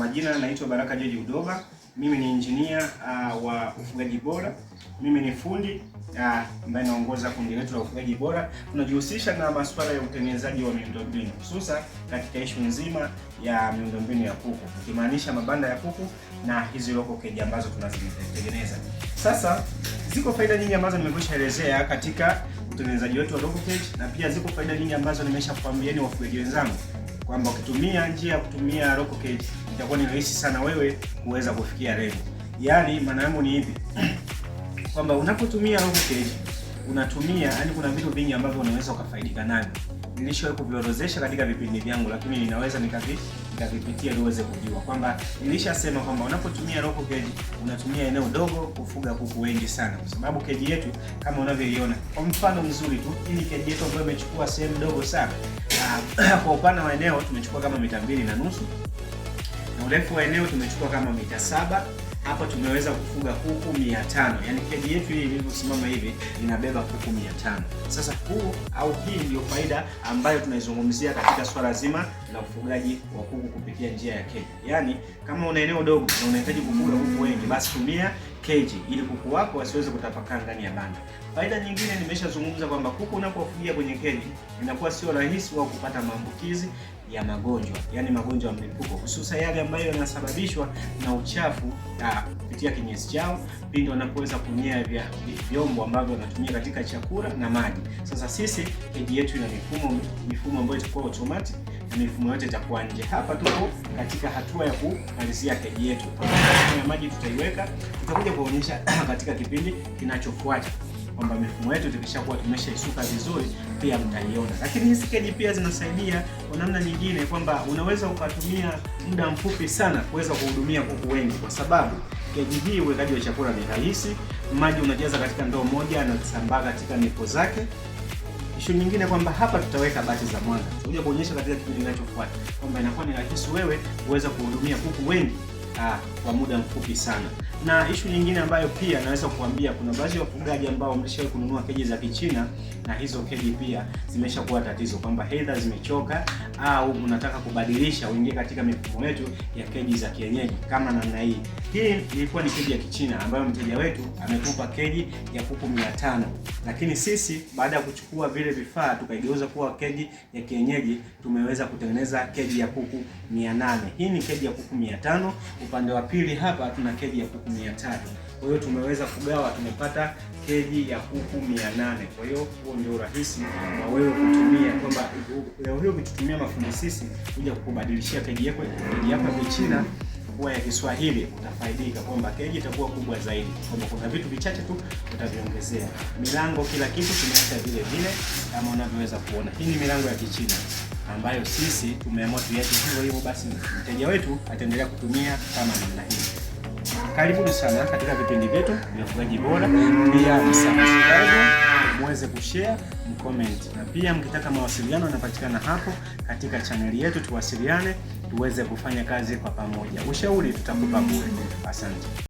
majina naitwa Baraka George Udoba. Mimi ni injinia uh, wa ufugaji bora. Mimi ni fundi uh, ambaye uh, naongoza kundi letu la ufugaji bora. Tunajihusisha na masuala ya utengenezaji wa miundombinu, hususan katika ishu nzima ya miundombinu ya kuku, ikimaanisha mabanda ya kuku na hizi local cage ambazo tunazitengeneza. Sasa ziko faida nyingi ambazo nimekwishaelezea katika utengenezaji wetu wa local cage, na pia ziko faida nyingi ambazo nimesha kuambieni wafugaji wenzangu kwamba ukitumia njia ya kutumia local cage itakuwa ni rahisi sana wewe kuweza kufikia lengo. Yaani maana yangu ni hivi kwamba unapotumia homepage unatumia, yani kuna vitu vingi ambavyo unaweza ukafaidika navyo. Nilishawahi kuviorodhesha katika vipindi vyangu, lakini ninaweza nikavi nikavipitia ili uweze kujua kwamba nilishasema kwamba unapotumia local cage unatumia eneo dogo kufuga kuku wengi sana, kwa sababu keji yetu kama unavyoiona, kwa mfano mzuri tu, hii keji yetu ambayo imechukua sehemu dogo sana, ah, kwa upana wa eneo tumechukua kama mita mbili na nusu Urefu wa eneo tumechukua kama mita saba. Hapa tumeweza kufuga kuku 500. Yaani kedi yetu hii ilivyosimama hivi inabeba kuku 500. Sasa huu au hii ndio faida ambayo tunaizungumzia katika swala zima la ufugaji wa kuku kupitia njia ya kedi. Yaani kama una eneo dogo na unahitaji kufuga kuku wengi, basi tumia keji ili kuku wako wasiweze kutapakaa ndani ya banda. Faida nyingine nimeshazungumza kwamba kuku unapofugia kwenye keji inakuwa sio rahisi wao kupata maambukizi ya magonjwa, yani magonjwa ya mlipuko, hususan yale ambayo yanasababishwa na uchafu na ah, kupitia kinyesi chao pindi wanapoweza kunyea vya vyombo ambavyo wanatumia katika chakula na maji. Sasa sisi keji yetu ina mifumo mifumo ambayo itakuwa automatic na mifumo yote itakuwa nje. Hapa tuko katika hatua ya kumalizia keji yetu. Maji tutaiweka, tutakuja tutakuja kuonyesha katika kipindi kinachofuata kwamba mifumo yetu tukishakuwa tumeshaisuka vizuri, pia mtaiona. Lakini hizi keji pia zinasaidia kwa namna nyingine, kwamba unaweza ukatumia muda mfupi sana kuweza kuhudumia kuku wengi, kwa sababu keji hii uwekaji wa chakula ni rahisi. Maji unajaza katika ndoo moja na kusambaa katika mipo zake. Ishu nyingine kwamba hapa tutaweka bati za mwanga, tutakuja kuonyesha katika kipindi kinachofuata kwamba inakuwa ni rahisi wewe kuweza kuhudumia kuku wengi aa, ah, kwa muda mfupi sana. Na ishu nyingine ambayo pia naweza kuambia, kuna baadhi ya wafugaji ambao wameshawahi kununua keji za Kichina na hizo keji pia zimeshakuwa tatizo kwamba hedha zimechoka, au unataka kubadilisha uingie katika mifumo yetu ya keji za kienyeji kama namna hii. Hii ilikuwa ni keji ya Kichina ambayo mteja wetu ametupa keji ya kuku 500, lakini sisi baada ya kuchukua vile vifaa tukaigeuza kuwa keji ya kienyeji, tumeweza kutengeneza keji ya kuku 800. Hii ni keji ya kuku 500. Upande wa pili hapa tuna keji ya kuku mia tatu. Kwa hiyo tumeweza kugawa, tumepata keji ya kuku mia nane. Kwa hiyo huo ndio urahisi wa wewe kutumia kwamba leo hiyo ukitutumia mafundi sisi kuja kukubadilishia keji yako keji yako ya Kichina kuwa ya Kiswahili utafaidika kwamba keji itakuwa kubwa zaidi, kwamba kuna vitu vichache tu utaviongezea. Milango, kila kitu tumeacha vile vile, kama unavyoweza kuona. Hii ni milango ya Kichina ambayo sisi tumeamua tuiache hivyo hivyo, basi mteja wetu ataendelea kutumia kama namna hii. Karibuni sana katika vipindi vyetu vya ufugaji bora. Pia msubscribe, muweze kushare, mcomment, na pia mkitaka mawasiliano yanapatikana hapo katika chaneli yetu, tuwasiliane tuweze kufanya kazi kwa pamoja. Ushauri tutakupa bure. Asante.